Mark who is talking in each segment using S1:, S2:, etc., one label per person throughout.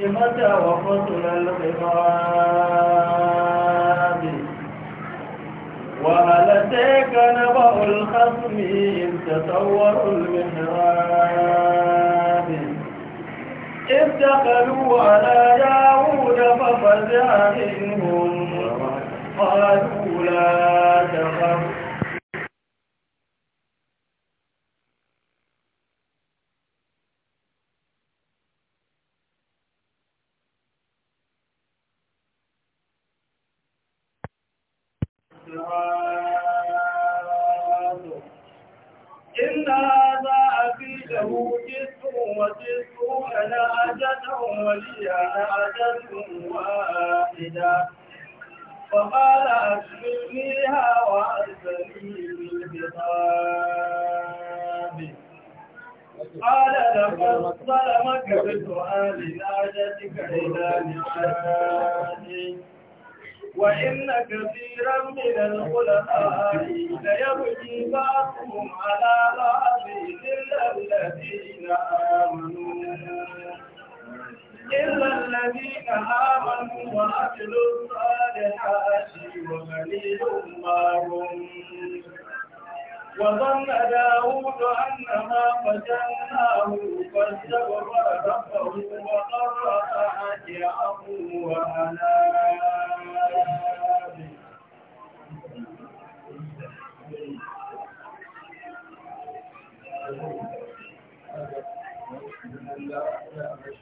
S1: متى وفصل الخطاب وهل أتاك نبأ الخصم إذ تصوروا المحراب إذ دخلوا على داود ففزع منهم قالوا لا تخف ظلمك بسؤال حاجتك إلى نعائي وإن كثيرا من الخلفاء ليبكي بعضهم على بعض إلا الذين آمنوا إلا الذين آمنوا وعملوا الصالحات وقليل ما هم وظن داود أنما فتناه فاستغفر ربه وقرأ راجعه وأناب Thank you.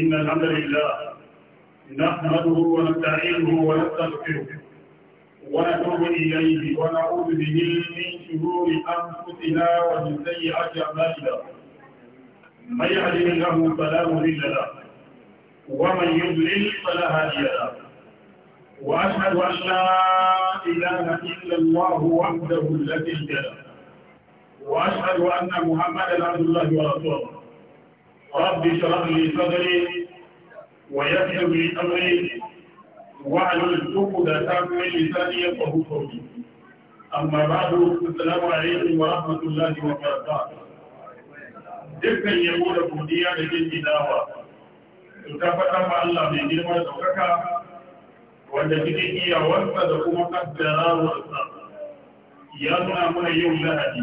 S1: إن الحمد لله نحمده ونستعينه ونستغفره ونتوب إليه ونعوذ به من شرور أنفسنا ومن سيئات أعمالنا من يهد الله فلا مضل له ومن يضلل فلا هادي له وأشهد أن لا إله إلا الله وحده لا شريك له وأشهد أن محمدا عبد الله ورسوله رب شرح لي صدري ويسر لي امري واعلن ذا من لساني يفقه قولي اما بعد السلام عليكم ورحمه الله وبركاته دفا يقول ابو ديانه بنت داوى تكفت مع الله من جنب زوجك والتي هي وسط كما قدر الله يا من يوم لهدي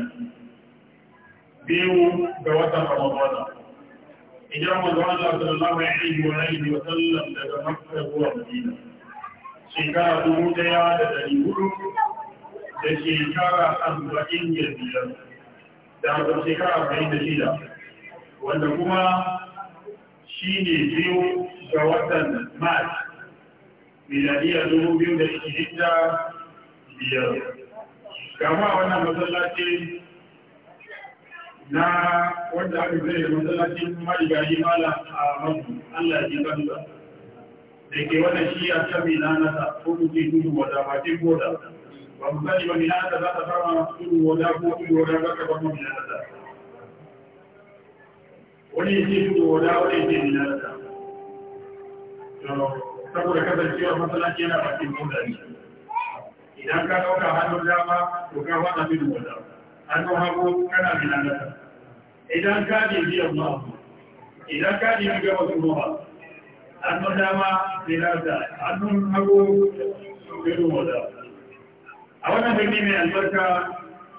S1: بيو بوسط رمضان idan manzon Allah sallallahu alaihi wa alihi wa sallam daga Makka zuwa Madina shekara dubu daya da dari hudu da shekara arba'in da biyar da haka shekara arba'in da shida wanda kuma shi ne biyu ga watan Mars miladiya dubu biyar. Gama wannan masallaci na wanda aka zai da matsalacin marigayi mala a mafi Allah ya ji kansa da ke wata shi a can mina nasa ko kuke tudu wata bakin boda ba mu sani ba mina nasa za ta fara fama tudu wata ko tudu wata ba ka fama mina nasa wani yake tudu wata wani yake mina nasa saboda kasancewar matsalaci yana bakin boda ne idan ka ɗauka hannun dama to ka fada tudu wata hannu hagu kana minanata idan ka biyan Allah idan ka bibi gaba kuma hannu dama minanata hannun hagu gudu wada a wannan birni mai albarka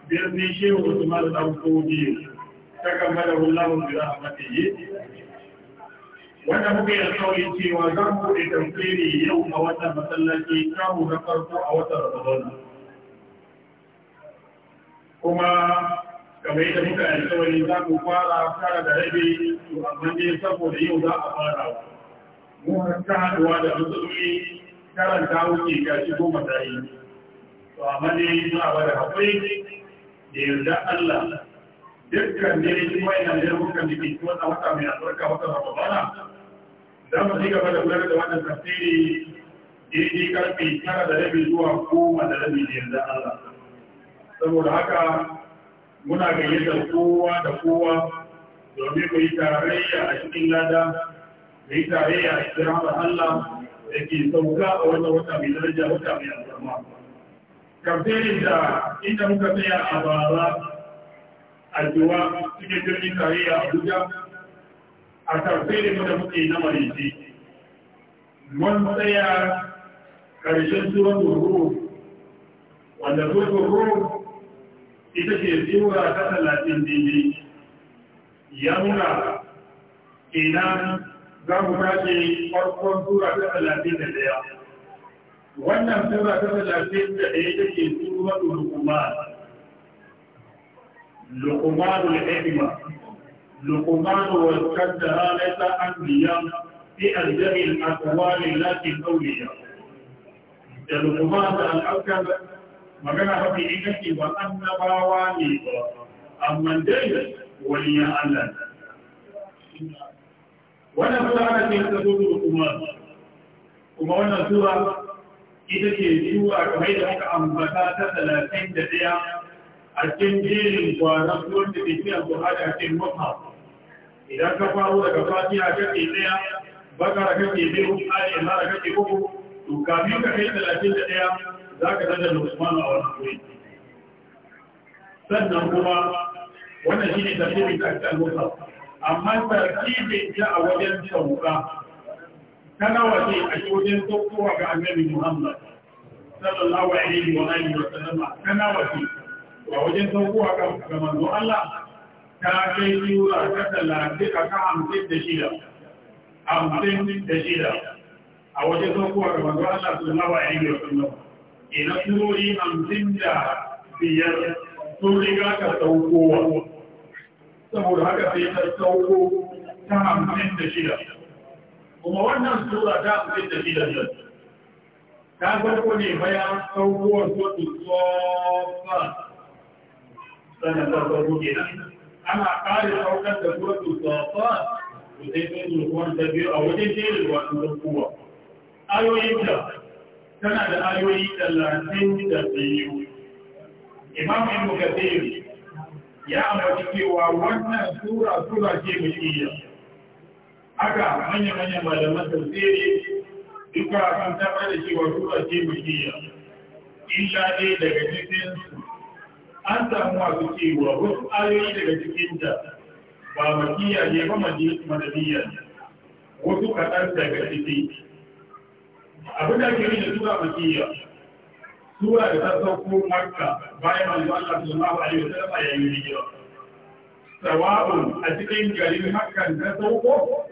S1: birni shehu usman ɗauko biyu ta kammala wallahun bi rahmatihi wanda muka yi alkawari cewa za zan buɗe tafsiri yau a wannan masallaci kamun na farko a watan Ramadan kuma kamar yadda muka alkawari za ku fara tara da rabi to amma ne saboda yau za a fara mu ta haduwa da musulmi karanta wuce ga shi goma ta yi to amma ne muna a bada haƙuri da yarda Allah dukkan ne shi mai nan da muka dake wannan wata mai albarka wata Ramadana za mu ci gaba da kula da wannan tafsiri daidai karfe tara da rabi zuwa goma da rabi da yarda Allah saboda haka muna gayyatar kowa da kowa domin mai yi tarayya a cikin lada mai yi tarayya a cikin rahmar Allah da ke sauka a wannan wata mai daraja wata mai alfarma kamfenin da inda muka tsaya a bara a jiwa cikin jirgin tarayya abuja a kamfenin da muke na mariji mun tsaya ƙarshen zuwan wanda zuwan ita ce tsura ta talatin daidai ya nuna kenan za mu tashi farkon tura ta talatin da daya wannan tura ta talatin da daya ta ke tura da lukuman lukumanul hikima lukumanul wajen da halatta an biya في أجزاء الأقوال التي الأولياء للغمان الأكبر magana mafi ce ba annabawa ne ba amma dai wani ya Allah wannan sura ana ce ta sura kuma kuma wannan sura ita ce sura kamar da aka ambata ta 31 a cikin jerin kwanan suwan da ke cikin Buhari a cikin mafa idan ka faru daga Fatiha kake daya Bakara kake biyu Ali Imran kake uku to kamin ka kai talatin da ɗaya za ka zada lukman a wani wuri sannan kuma wannan shi ne tafiyar da ake almusa amma tartibin ta a wajen sauka ta nawa ce a wajen saukowa ga annabi muhammad sallallahu alaihi wa alihi wa sallam ta nawa ce a wajen saukowa ga manzo Allah ta kai sura ta talatin a kan hamsin da shida hamsin da shida a wajen saukowa ga manzo Allah sallallahu alaihi wa sallam ina surori hamsin da biyar sun riga ka saukowa saboda haka sai ta sauko ta hamsin da shida kuma wannan sura ta hamsin da shida ne ta farko ne bayan saukowar sotu tsofa sannan ta sauko kenan ana ƙari saukar da sotu tsofa da sai sotu ruwan ta biyu a wajen jerin wasu saukowa da tana da ayoyi talatin da biyu imam ibn kathir ya ambaci cewa wannan sura sura ce mutiyya haka manya manya malaman tafsiri duka sun tabbatar da cewa sura ce mutiyya illa ne daga cikin an samu masu cewa wasu ayoyi daga cikinta ba makiyya ne ba madadiyya wasu kaɗan daga cikin abin da ake da tura makiyya tura da ta sauko makka bayan manzo Allah sallallahu alaihi wasallam a yi rigiyar sawabun a cikin garin hakan na sauko ko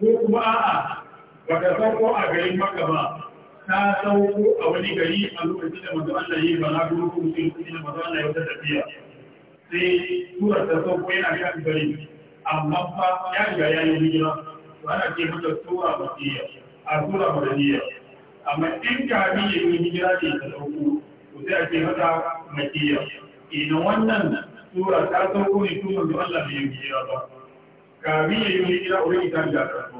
S1: kuma a'a ba ta sauko a garin makka ba ta sauko a wani gari a lokacin da manzo Allah yi bala duru ko kuma da manzo Allah ya wata tafiya sai tura ta sauko yana kan gari amma fa ya riga ya yi rigiyar to ana ce mata sura makiyya a tura madaniyya amma in kafin ya yi hijira ne ta dauko to sai ake mata makiya idan wannan sura ta sauko ne tun wanda Allah bai yi hijira ba kafin ya yi hijira wurin ita da ta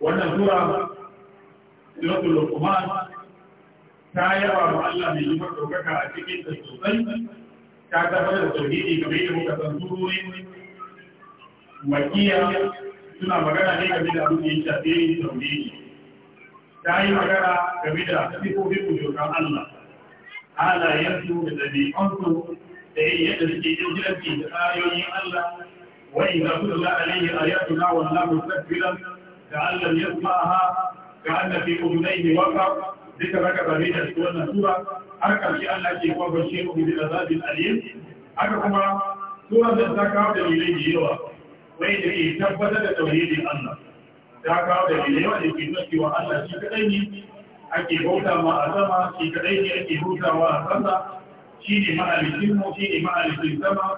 S1: wannan sura suratul luqman ta yaba wa Allah mai yi ɗaukaka a cikin ta sosai ta tabbatar da tauhidi game da muka san surori wakiya suna magana ne game da abin da ya shafi tauhidi ta yi magana game da sifofi kujokan Allah. Halayensu da dabi'unsu da yin yadda suke yin jiragi da tsayoyin Allah, wani da su da la'alayi a yadda na wannan musafiran da Allah ya zuma ha ga annabi kudunai ne wata duka raka game da su wannan har karshe Allah ke kwakwar shi ne da zafin Haka kuma, tura zai ta kawo da lilin yawa, wai da ke tabbatar da tauri Allah. ta kawo da dalilai wanda ke nuna cewa Allah shi kadai ne ake bauta ma a sama shi kadai ne ake bautawa a sama shi ne ma'alikin mu shi ne ma'alikin sama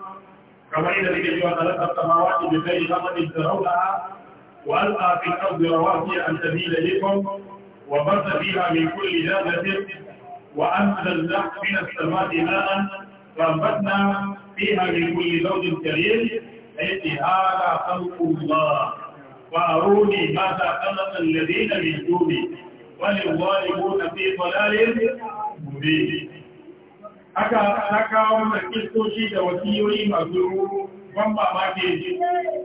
S1: kamar yadda nake cewa talakar samawa ce da kai zama da tsarauna وألقى في الأرض رواسي أن تميل لكم وبث فيها من كل دابة وأنزلنا من السماء ماء فأنبتنا فيها من كل زوج كريم التي هذا خلق الله وأروني ماذا خلق الذين من دوني وللظالمون في ضلال مبين haka na kawo mana kistoci da wasiyoyi masu ban mamaki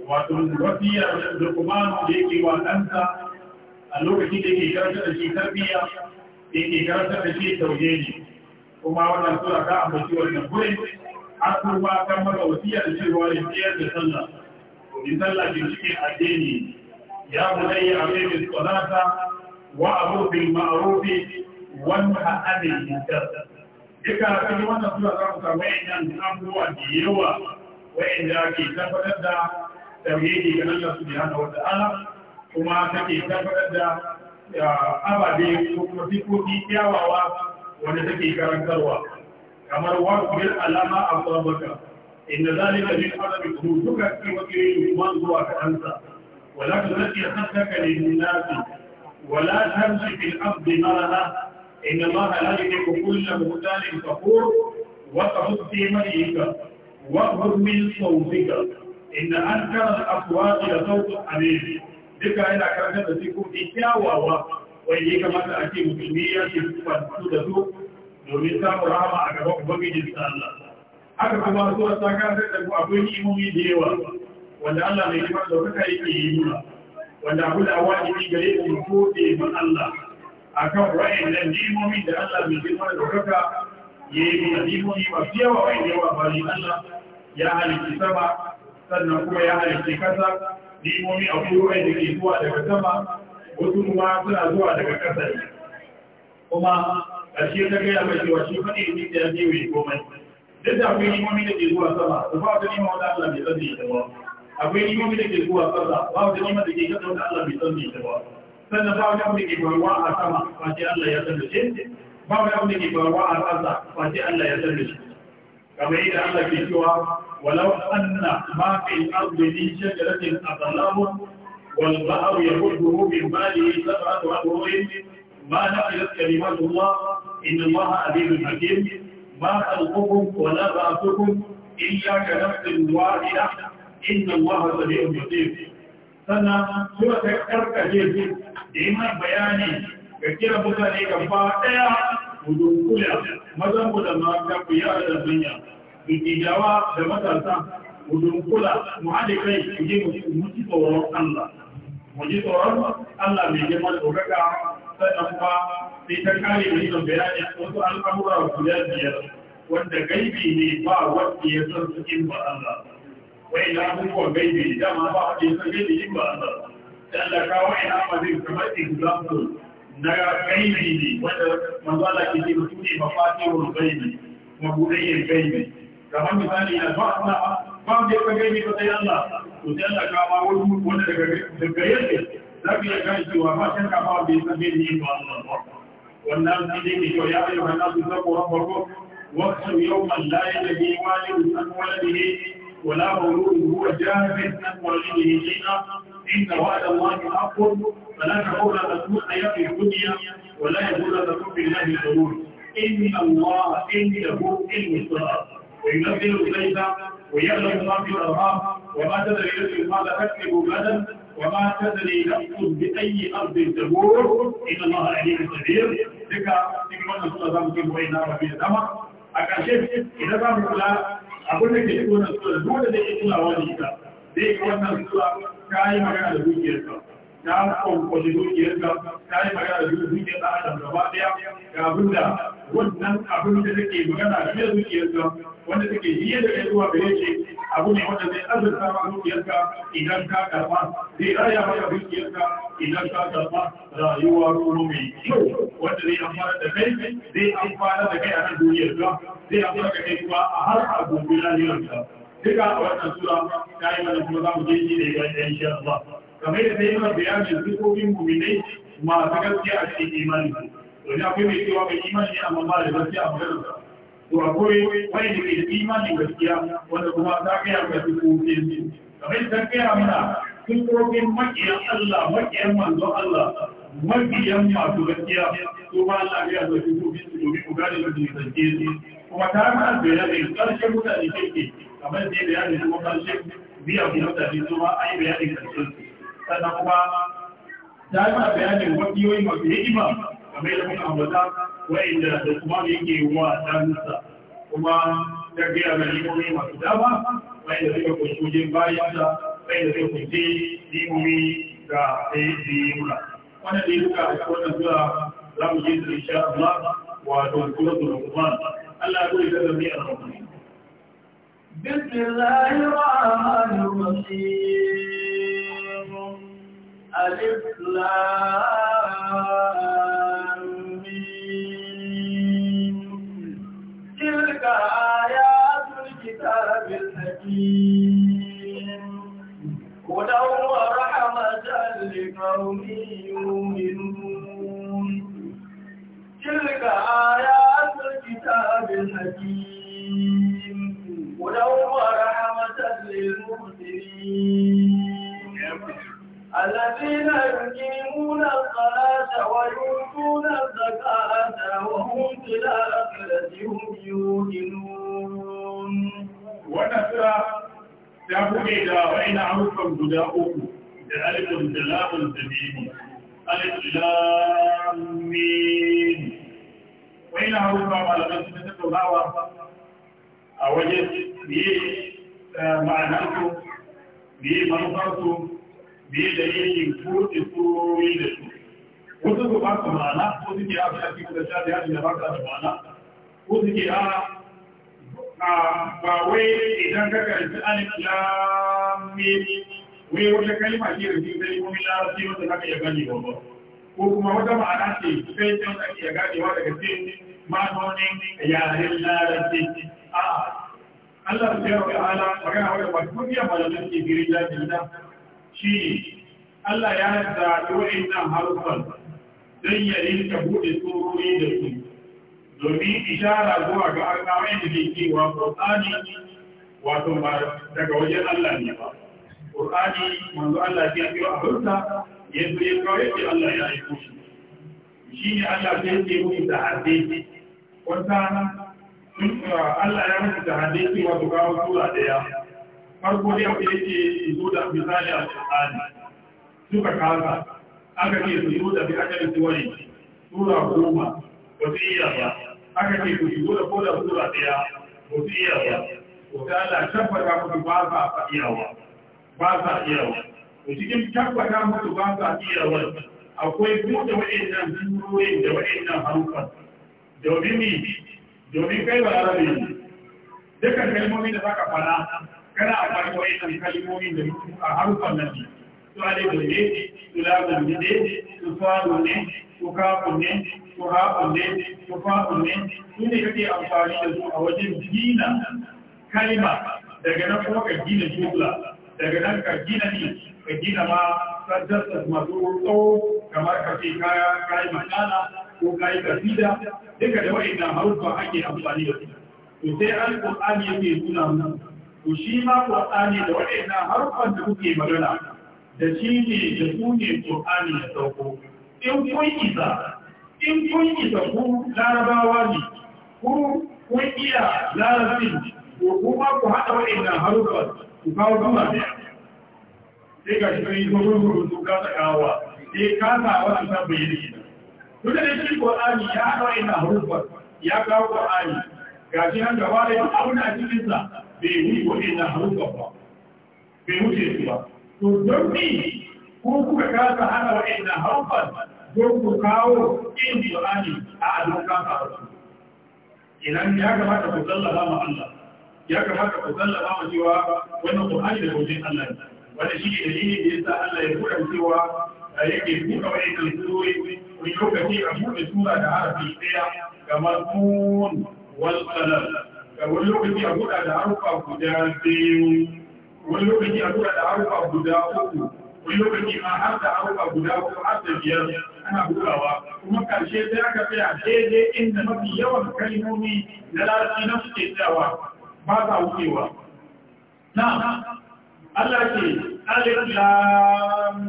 S1: wato wasiyar lukumanu da yake wa ɗansa a lokacin da ke karanta da shi tarbiyya da ke karanta da shi tauje ne kuma wannan sura ta ambaci wannan gurin an kuma kan masa wasiyar cewa ya ciyar da sallah domin sallah ke cikin addini Ya يا بني أمير الصلاة وأمر بالمعروف وانهى عن المنكر duka cikin wannan suna za ku samu wa'annan abubuwa da yawa da ke tabbatar da tauhidi ga Allah subhanahu wata'ala kuma ke tabbatar da ababe ko kuma sifofi kyawawa wanda ke karantarwa kamar wa bil alama asabaka inna zalika min azami duka cikin wakilin Usman zuwa ga ولا تذكر خدك للناس ولا تمش في الارض مرها ان الله لا يهلك كل مختال فخور وتحط في مليك واخذ من صوتك ان انكر الاصوات لصوت حبيب ذكر الى كرهه تكون في واوا ويجيك مثلا في مسلميه في فتوده دومين سامو راما اكبر بمجد الله اكبر سوره تاكاسه تكون ابوين ايموني ديوان wanda Allah mai jima daukaka yake yi nuna wanda abu da wajibi gare mu gode ma Allah akan wa'annan nimomin da Allah mai jima daukaka ya yi nuna nimomi masu yawa wa'in yawa bari Allah ya halitta sama sannan kuma ya halitta kasa nimomi a kuma wa'in da ke zuwa daga sama wasu kuma suna zuwa daga kasa kuma ƙarshe ta gaya mai cewa shi faɗi ne da ya ne wai komai duk da akwai nimomi da ke zuwa sama su ba ta nima wata Allah mai tsanni da ba akwai limomi da ke zuwa tsalla ba wata lima da ke kada wanda Allah bai san mai ta ba sannan ba wani abu da ke faruwa a sama face Allah ya san da shi ba wani abu da ke faruwa a ƙasa face Allah ya san da shi kamar yadda Allah ke cewa walau anna ma fi al-ardi min shajaratin aqlamun wal ba'ru yaqulu min ba'di sab'atu abwarin ما نقلت كلمات الله إن الله عزيز حكيم ما خلقكم ولا بعثكم إلا كنفس واحدة inna Allah sami'un basir sannan sura ta karkace je da yi bayani ga kira ga ba daya ku kula mazan ku da ma ku yara da dunya ku jawa da matasa ku kula mu haɗe kai ku je mu ci tsoron Allah mu ji tsoron Allah mai girma da ɗaukaka sannan ka? sai ta kare da yin bayani wasu al'amura guda biyar wanda gaibi ne ba wanda ya san su in ba Allah wai na abubuwan gaibe dama ba a ɗin san da yin ba a ba da Allah kawo amazin kamar example na gaibe ne wanda manzala ke ce bai ne mafatihun gaibe mabuɗayyar gaibe kamar misali na ba na ba da ya gaibe ba sai Allah to sai Allah kawo wani wanda daga yadda za ka iya gane cewa ba shan kafa bai san da yin ba a ba wannan shi ne ke kyau ya ayyukan nasu sabo rabbakum wasu yawman la yajri walidun an waladihi ولا مولود هو جاهز من والده شيئا إن وعد الله حق فلا تقول لكم حياة الدنيا ولا يقول لكم بالله الغرور إن الله إن له علم السرعة وينزل إليك ويعلم ما في الأرهاب وما تدري نفس ماذا تكتب غدا وما تدري نفس بأي أرض تمور إن الله عليم قدير ذكر من الله سبحانه وتعالى وإنا ربي الأمر أكاشف إذا كان abin da ke cikin wannan dole zai iya tunawa da ita zai yi wannan sura ta magana da dukiyarsa ta kwankwashi dukiyarka ta yi magana da dukiyar ɗan adam gaba daya ga abin da wannan abin da take magana da dukiyarka wanda take biye da zuwa gare shi abu ne wanda zai azurta ma dukiyarka idan ka karba zai raya maka dukiyarka idan ka karɓa rayuwa kuma mai kyau wanda zai amfana da kai zai amfana da kai a nan duniyarka zai amfana da kai kuma a har a gobe ka duka a wannan sura ta yi mana kuma za mu je shi ne ga ɗan shi Allah kamar da sai mana bayanin sifofin mu'minai masu gaskiya a cikin imani to ya akwai mai cewa mai imani amma ba da gaskiya a maganar to akwai wani da ke da imani gaskiya wanda kuma ta gaya ga sifofin su kamar ta gaya mana sifofin makiyan Allah makiyan manzo Allah makiyan masu gaskiya to ba Allah ya ga sifofin su domin ku gane da zance su kuma ta ga bayanin karshen mutane ke kamar da bayanin kuma karshen biya mutane su ma ai bayanin karshen su sannan kuma ta yi wani bayanin wakiyoyi masu hikima game da kuma ambata wa'inda da kuma yake wa ɗansa kuma ta gaya mai masu dama wa'inda suka kunshi wajen bayansa wa'inda suka kunshi hikimomi ga ɗaya da yi muna wannan da yi duka a cikin wannan zuwa za mu yi su insha Allah wato kuma su Rahman Allah ya koyi da zami da Rahman بسم alif la guda uku
S2: da alifin da lamun da
S1: biyu alif wai wata kalma ce da cikin kalmomin larabci wanda za ka iya gane ba ko kuma wata ma'ana ce sai can ake iya ganewa daga cikin ma'anonin yaren larabci a Allah ta yau da ala magana wadda ba kuma iya malamin ke giri jami'in da shi Allah ya zaɓi wa'innan harufan don ya rinka buɗe tsoroni da su domin ishara zuwa ga arnawai da ke cewa ƙoƙani wato ba daga wajen Allah ne ba. Qur'ani manzo Allah ya kiro a hurta ya zo ya yake Allah ya aiko shi shi ne Allah ya ce mu da hadisi wata uh, Allah ya mutu da hadisi wato kawo tura daya farko dai akwai yake zo da misali a Qur'ani suka kaza aka ce su zo da bi yi suwari tura goma wasu iya ba aka ce ku shigo da koda sura daya wasu iya ba wata Allah tabbata kuma ba ba iyawa ba sa iya wa cikin tabbata mutu ba sa iya wa akwai buɗe waɗannan hannuwoyin da waɗannan hankal domin ni domin kai ba rabe ne dukkan kalmomin da zaka fara kana a da waɗannan kalmomin da a harkar nan ne su alibin ne su lagun ne su faru ne su kafin ne su haɓun ne su faɗin ne su ne kake amfani da su a wajen gina kalma daga nan kuma ka gina jumla daga nan ka gina ne ka gina ma sarjarsa masu tsawo kamar ka ce kaya kayi matsala ko kayi kasida duka da wa'in na harufa ake amfani da su ko sai ya ke suna mu ko shi ma ƙur'ani da wa'in na harufan da kuke magana da shi ne da su ne ƙur'ani da sauko in kun isa in kun isa ku larabawa ne ku kun iya larabin ko kuma ku haɗa wa'in na harufan ku kawo gama biya sai ga shi kai ko gurguru su ka sakawa sai ka sa wannan ta bayyana shi to da shi ko Qur'ani ya hada ina hurufar ya kawo Qur'ani ga shi nan gaba da duk abin a cikin sa bai yi ko ina hurufar ba bai wuce su ba to don ni ko kuka kasa wa ina harufar don ku kawo in Qur'ani a adon kasa idan ya kamata ku sallama Allah ya kamata ku sallama wa cewa wannan Qur'ani da wajen Allah ne wanda shi ne dalilin da yasa Allah ya buɗe cewa yake buɗe wani kalmomi wani lokaci a buɗe sura da harafi ɗaya kamar kun wal qalam wani lokaci a buɗe da harufa guda biyu wani lokaci a buɗe da harufa guda uku wani lokaci ma har da harufa guda uku har da biyar ana buɗawa kuma ƙarshe sai aka tsaya daidai inda mafi yawan kalmomi na larabci na suke tsayawa ba ta wucewa na Allah ke alif lam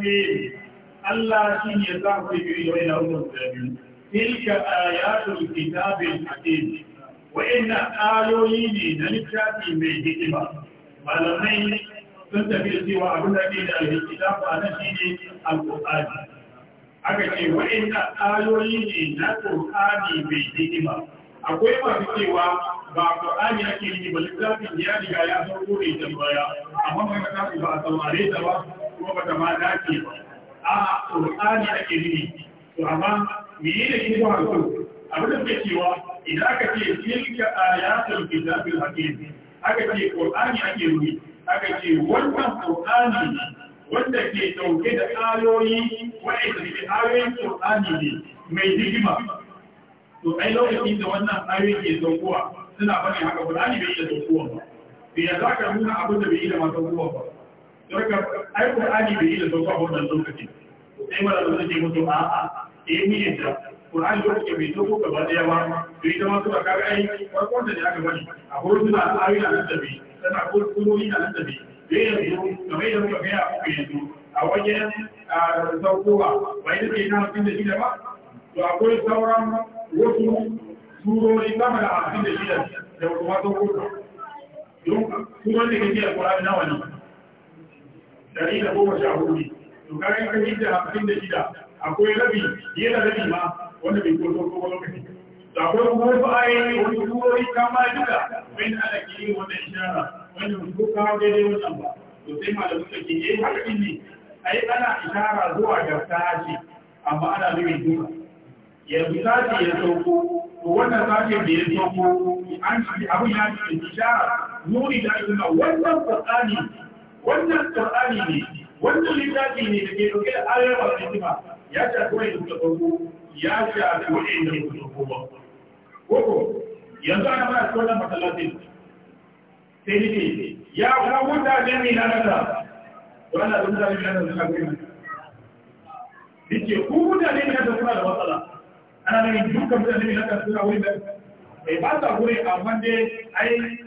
S1: Allah shi ne za ku yi wani nau'in zabi tilka ayatul kitabil hakim wa inna ayoyi ne na littafi mai hikima malamai sun tafi da cewa abin da ke da alkitab ba na shi ne alqur'ani aka ce wa inna ayoyi ne na qur'ani mai hikima akwai masu cewa ba Qur'ani ake yi ba littafin ya riga ya farko ne can baya amma ba ta ba a saurare ta ba kuma ba ta ma dace ba a Qur'ani ake yi to amma me ne yi ba su abin da ke cewa idan aka ce tilka ayatul kitabil hakim aka ce Qur'ani ake yi aka ce wannan Qur'ani wanda ke dauke da ayoyi wa'ida da ayoyin Qur'ani ne mai hikima to ai lokacin da wannan ayoyi ke kuwa. suna faɗin haka Qur'ani bai yi da saukowa ba bai ya zaka nuna abin da bai yi da masu saukowa ba don ka ai Qur'ani bai yi da saukowa ba wannan lokaci sai mara da suke mutu a a eh ni yadda Qur'ani lokaci bai sauko gaba daya ba to ita ma suka kaga ai farkon da ne aka bani a gurin suna ayoyi a nan da bai sana kulkuloli a nan da bai bai yanzu kamar yadda muka gaya muku yanzu a wajen saukowa bai da ke na mutum da shi da ba to akwai sauran wasu turori sama da hamsin da shida da kuma tsohuwa turon wanda ke jiya kura nawa ne dari da goma sha hudu ne to kare ka yi da hamsin da shida akwai rabi biye da rabi ma wanda bai koso ko lokaci da akwai kuma wasu ayoyi wani turori kama duka bai da ana kiri wanda ishara wanda mutu ko kawo daidai wannan ba to sai malamu da ke yi haka ne ai ana ishara zuwa ga tashi amma ana nuna duka yanzu zafi ya sauko to wannan zafi da ya sauko an ci abu ya ci ishara nuni da ina wannan qur'ani wannan qur'ani ne wannan littafi ne da ke dauke da ayoyin ya shafi wani da sauko ya shafi wani da sauko ba koko yanzu ana mana tsoron masallacin sai ne ya kuma mutane mai lalata wannan da mai lalata suka kai nake ku mutane ne lalata suna da matsala ana nufin dukkan mutane ne na suna wuri da bai ba sa wuri a dai ai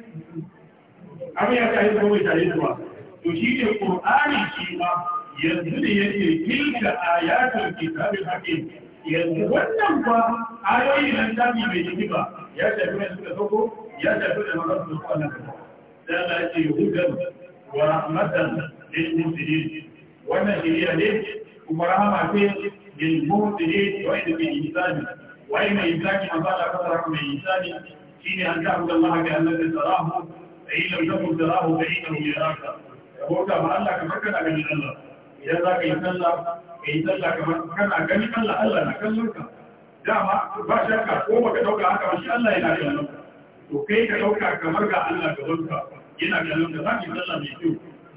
S1: abin ya kai zama mai tare zuwa to shi ne qur'ani shi ma yanzu ne yake tilka ayatul kitabil hakim yanzu wannan ba ayoyi nan tabi bai yi ba ya tafi mai suka soko ya shafi da maza su soko nan da Allah ya ce hudan wa rahmatan lil muslimin wannan shiriya ne kuma rahama ce للمبتدئ وعند بالإنسان وعند إمساك من بعد فترة من الإنسان حين أن تعبد الله كأنك تراه فإن لم تكن تراه فإنه يراك يقول كما الله Idan كان أجل الله إذا ذاك يسلى يسلى كما كان Allah na kallon ka. dama ba shakka ko baka dauka haka ba shi Allah yana kallon ka to kai ka dauka kamar ga Allah gaban ka yana kallon ka zaki sallah mai kyau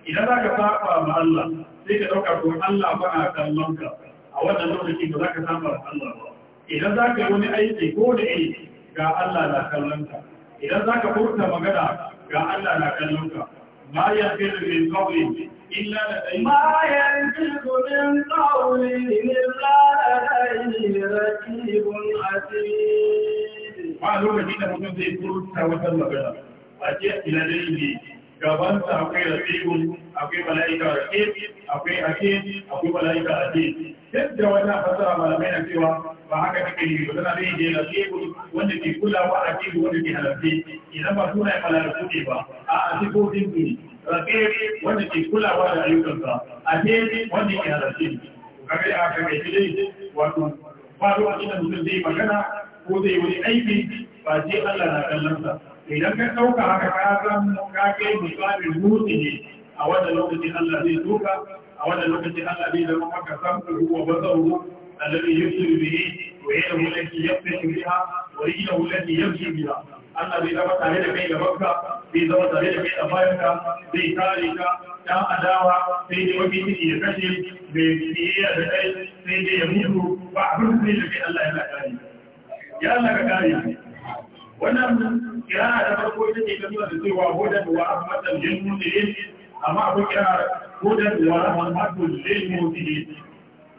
S1: idan zaka saba ma Allah sai ka dauka ko Allah ba a kallon ka a wannan lokacin da za ka samu Allah ba idan za ka yi wani aiki ko da aiki ga Allah na kallonka idan za ka furta magana ga Allah na kallonka ma ya fi min qawli illa ladayhi ma ya fi min qawli illa ladayhi raqibun atid ba lokacin da mutum zai furta wata magana a ce ila dai gaban sa akwai raqibun akwai malaika raqib akwai atid akwai malaika atid duk da wannan fasara malamai na cewa ba haka take yi ba tana zai je nasibu wanda ke kula kulawa a cikin wanda ke halarce idan ba suna ya malalaku ne ba a asibobin ne rabe wanda ke kula kulawa da ayyukansa a tebe wanda ke halarce kamar da aka kai dai wato ba lokacin da mutum zai magana ko zai wani aiki ba sai Allah na kallonsa idan ka dauka haka ka san ka kai misalin mutum ne a wannan lokacin Allah zai doka أولا لكي أن أبي لنحك هو وبدره الذي يبصر به وعينه التي يبصر بها ورينه التي يمشي بها أن أبي لبك أهل بين مكة في زمن أهل بين مكة في تاريكا جاء داوى في وقت يفشل في إيه أدائي في يموت فأعبر سنة في الله إلا كريم يا الله كريم وأنا من قراءة تفرقوا إلى كثيرة تسيروا أبودا وأحمد الجنون amma akwai kira hudar wa rahmatul lemo ne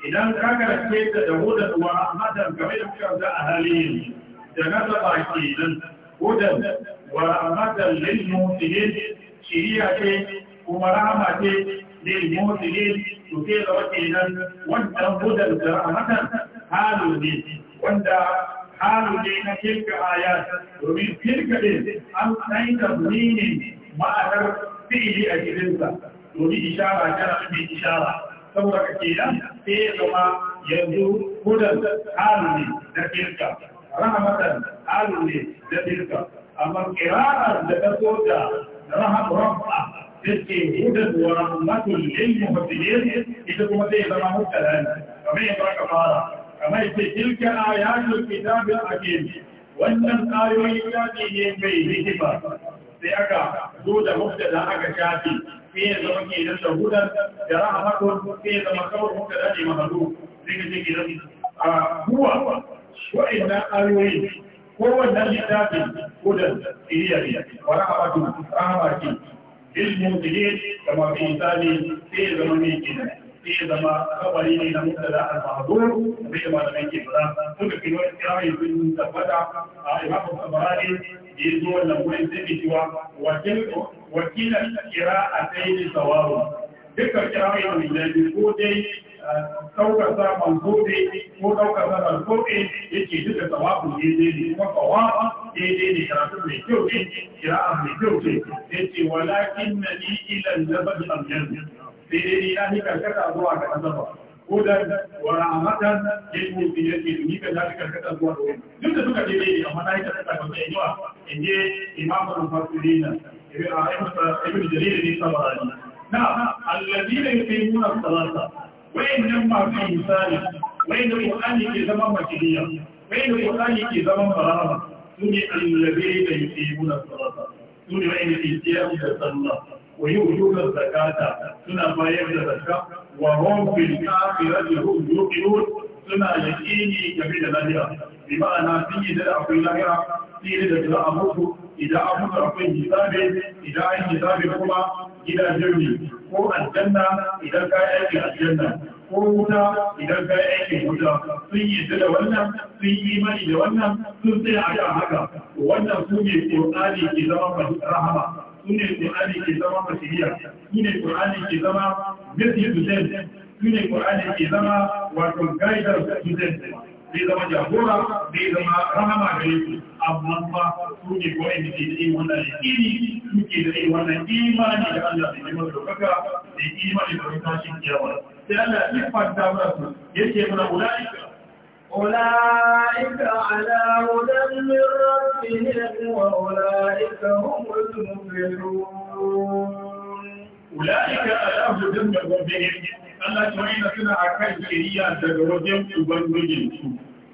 S1: idan ka karace ta da hudar wa rahmatul game da muka a halin da na ke nan hudar wa rahmatul lil mu'minin shiriya ce kuma rama ce lemo ne su ke sai ke nan wannan hudar da rahmatul halu ne wanda halu ne na kirka ayat domin kirka ne an sai da ma'anar fili a gidinsa domin ishara ta rafi ishara sau da kake da sai zama yanzu hudun halin da firka rahamatan halin da firka amma kirarar da ta so da rahama da ke hudun wa matun ilmi mafiye ita kuma zai zama mutanen kamar yadda aka fara kamar yadda tilka a yajin kitabin a wannan ƙayoyin yaƙi ne mai hikima sai aka zo da mubtada aka shafi sai ya zama ke nan da hudan da rahamatun sai ya zama kawai mubtada ne mahalu sai ka ke nan a huwa ko wannan littafin hudan siriya ne wa rahamatun rahama ce ismu tilil da mafi insani sai ya zama ne ke nan sai zama kabari ne na mutala al-mahdur bai da malamai ke fara suka kiro kirayi sun tabbata a imamu tabarani da ya zo wannan wurin sai ke cewa wakilan kira'atai sawabu dukkan kirayi mai lafi ko dai ɗaukar sa manzo ne ko ɗaukar sa manzo ne yake duka tsawabu daidai ne kuma tsawa daidai ne karatun mai kyau ne kira'a mai kyau ce yace walakin na ni ilan na bajin amyan Daidai dai na ni karkata zuwa ga azaba hudan wa rahmatan lil mu'minin ni ka zaka karkata zuwa ga wani duk da suka daidai ne amma na yi karkata ga sai yawa in je imamul fasirina ibn ibn jarir ne sabarani na alladina yuqimuna as-salata wa innama fi misali wa inna qur'ani ke zaman makiliya wa inna qur'ani ke zaman barama sune alladina yuqimuna as-salata sune wa inna qiyamuna as-salata wa yu'tuna zakata suna bayar da zakka wa hum fil akhirati hum yuqinun suna yaqini game da lahira bi ma'ana sun yi da akwai lahira sai da za a mutu idan an mutu akwai hisabi idan an hisabi kuma ne ko aljanna idan aljanna ko wuta idan ka aikin wuta sun yi da wannan sun yi mani da wannan sun tsaya a haka wannan su ne ƙorani ke zama rahama ne ƙorani ke zama masiriya su ne ƙorani ke zama mirti duzen su ne ƙorani ke zama wato gaidar duzen ne zama jagora ne zama rahama gare su amma ba su ne ƙwai da ke da yin wannan ne su ke da yin wannan imani da Allah da jimar dokaka da imani da rikashin kyawar. sai Allah ya fata mana su yake mana ula'ika أولئك على هدى من ربهم وأولئك هم المفلحون أولئك على هدى من ربهم Allah ta wani suna a kan shiriya daga wajen Ubangijinsu,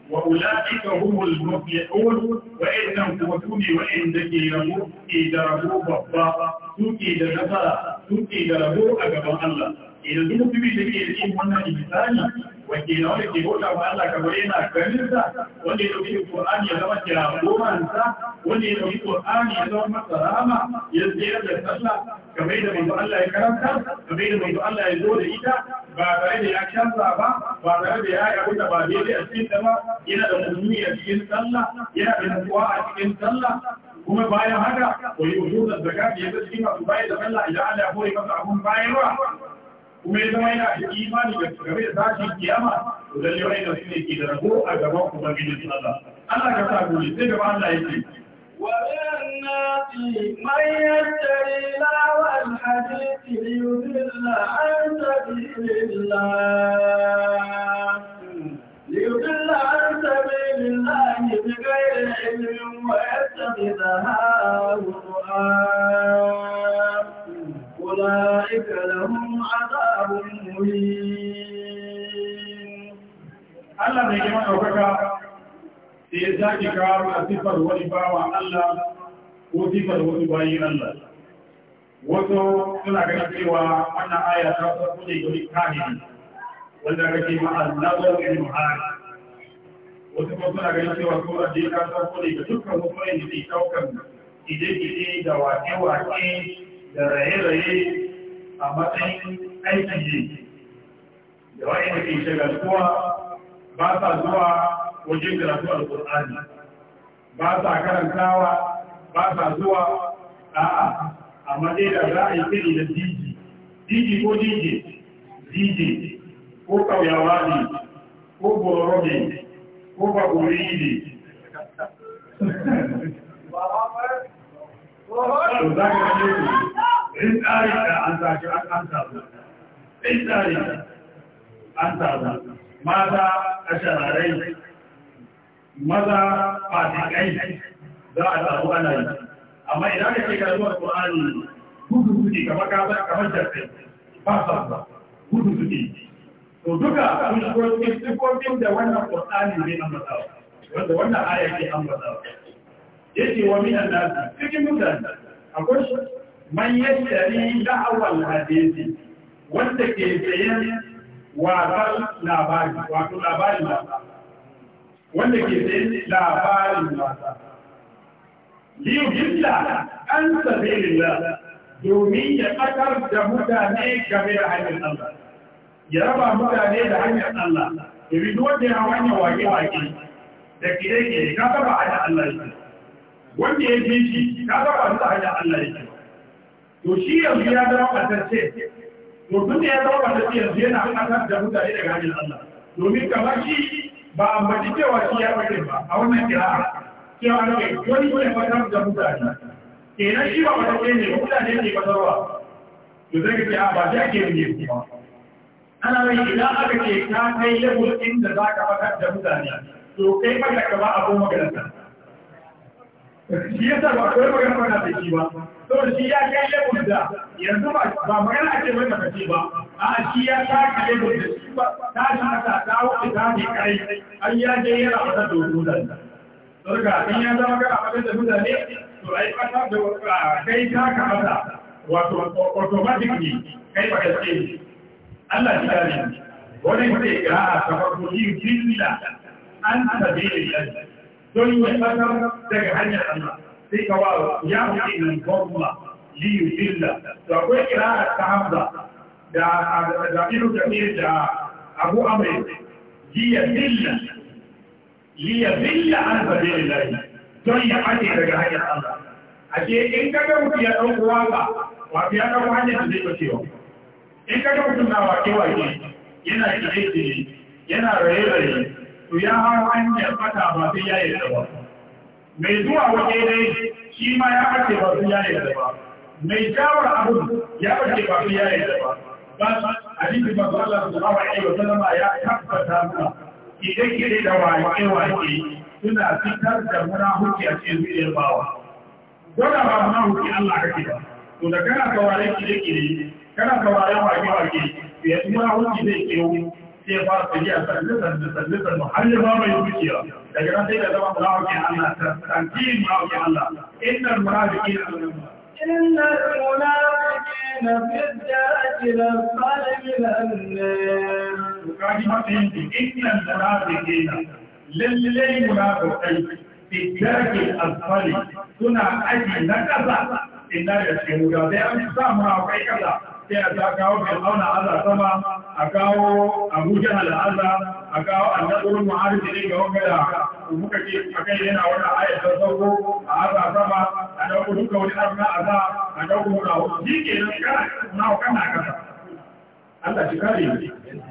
S1: wa ula'ika humul mafi'un wa'annan kuma su ne wa'anda ke rabo ke da rabo babba, su ke da nasara, su ke da rabo a gaban Allah. idan eh, duk mutumin da ke cikin wannan misali wanda yana wanda ke bauta ma Allah kamar yana ganin sa wanda ya dauki Qur'ani ya zama jagoran sa wanda ya dauki Qur'ani ya zama masa ya tsayar da sallah kamar da manzo Allah ya karanta kamar da manzo Allah ya zo da ita ba tare da ya canza ba ba tare da ya yi abin da ba daidai a cikin ba yana da musulmi a cikin sallah yana da nutsuwa a cikin sallah kuma bayan haka wani ujurar zakati ya zai cikin masu bayar da sallah idan Allah ya hore masa abun bayarwa kuma ya zama yana da imani da game da tashin kiyama to lalle wa'ina su ne ke da rabo a gaban ubangijin Allah Allah ka sa gode sai gaba Allah yake والناس من يشتري له الحديث ليضل عن سبيل الله ليضل عن سبيل الله بغير علم ويتخذها هزوا أولئك لهم عذاب مهين الله نجمع أفكا في da ya أصفة kawo الله وصفة wani الله wato suna ganin cewa wannan aya ta farko ne gari kahiri wanda kake ma'azabar ilmu hari. wato kuma suna ganin cewa ko a ya ka farko ne ga dukkan mutane da ke ɗaukar ide-ide da wake-wake da raye-raye a matsayin aiki ne da wa'in ke shagaltuwa ba sa zuwa wajen karatu al-Qur'ani ba sa karantawa ba sa zuwa a'a amma dai da za a yi kiri da diji diji ko diji diji ko kauyawa ne ko bororo ne ko bagori ne oh, oh, oh in tsari da an zafi an samu in tsari an samu mata a shararai maza fasikai za a samu ana yi amma idan ka ke karuwa ƙwari gudu suke kamar kasar kamar jarfin ba sa ba gudu suke to duka sun shigo cikin sifofin da wannan ƙwari ne an matsawa wanda wannan aya ke an matsawa yake wa minan nasu cikin mutane akwai man yashari da'awal hadisi wanda ke sayan wasar labari wato labarin wasa wanda ke sayan labarin wasa liyu gilla an sabilillah domin ya ƙasar da mutane game da hanyar Allah ya raba mutane da hanyar Allah domin wanda ya hanyar wake-wake da kire-kire ka saba hanyar Allah yake wanda ya fi shi ka saba hanyar Allah yake to shi yanzu ya zama ɓatacce to tun da ya zama ɓatacce yanzu yana ƙasar da mutane daga hanyar Allah domin kamar shi ba a mace cewa shi ya ɓace ba a wannan kira cewa na kai wani ne ɓatar da mutane kenan shi ba ɓatacce ne mutane ne ɓatarwa to zai ga ce ba zai ke yin ne ba ana mai idan aka ce ta kai yabo inda za ka ɓatar da mutane to kai ɓatar ka ba a goma galantar shi yasa ba kai magana ba na ba shi ya kai yanzu ba ba magana ake mai maka ba a shi ya ta kai lebur da shi ba ta shi ta ta wuce ta ne kai an ya je yana mata dodo da sarka in ya zama kana mata da mutane to ai da kai ta ka mata wato automatically kai ba gaske Allah ya kare wani mutum ga a farko shi jinna an da don ya ɓatar daga hanyar Allah sai ka wawa ya fi ilin gwamma liyu illa to akwai kira a ta hamza da da ilu da ne da abu amai liya illa liya illa an fadin lillahi don ya ɓace daga hanyar Allah a ce in ka ga mutu ya ɗauko waka wato ya ɗauko hanyar da zai ɓacewa in ka ga mutum na wake wake yana kide-kide yana raye-raye to ya har hanyar fata ba sai ya da ba mai zuwa waje dai shi ma ya ɓace ba sai ya da ba mai jawar abu ya ɓace ba sai ya da ba ba hadisi ba Allah subhanahu wa ya tabbata mana Idan kide da wake-wake suna fitar da munahuki a cikin zuciyar bawa gwada ba munahuki Allah kake ba to da kana kaware kide-kide kana kaware wake-wake yi yanzu munahuki zai kewu sai ya fara tafiya sannu sannu sannu har ya ba mai zuciya daga nan sai da zama mulawaki Allah tantin mulawaki Allah innal munafiqin إن المنافقين في الدرك للصالح الأنام وكلمة إن المنافقين للي منافقين في الدرك الأسفل سنة أجل نكسة إن لا يشكرون بأن يسامنا وكي كذا sai a ta kawo fir'auna azar sama a kawo Abu Jahal a kawo annabun muharib ne ga wanda muka ce a kai yana wata ayyar ta sauko a azar sama a dauko duka wani arna za a dauko na shi kenan kana na kana kasa Allah shi kare ne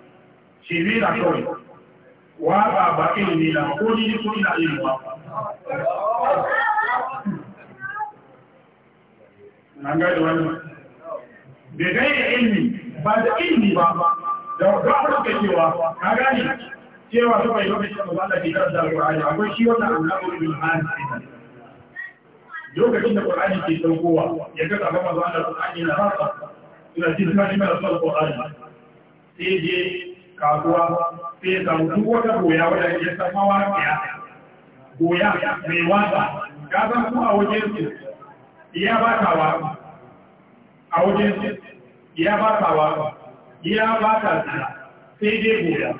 S1: shirira kawai waka ba ne na ko ni ko ina yin waka nan ga da wannan da gaira ilimi ba da ilimi ba da wata ke cewa gani da ba da ke karanta akwai shi wannan da qur'ani ke ya ga sabon manzo Allah qur'ani na haka ina jin kashi mai rasul qur'ani sai je kasuwa sai ya samu duk wata goya wadda ya san mawaƙiya goya mai wata ka san kuma a wajen su iya ba ta wa a wajen su iya ba ta wa iya ba ta tsira sai dai goya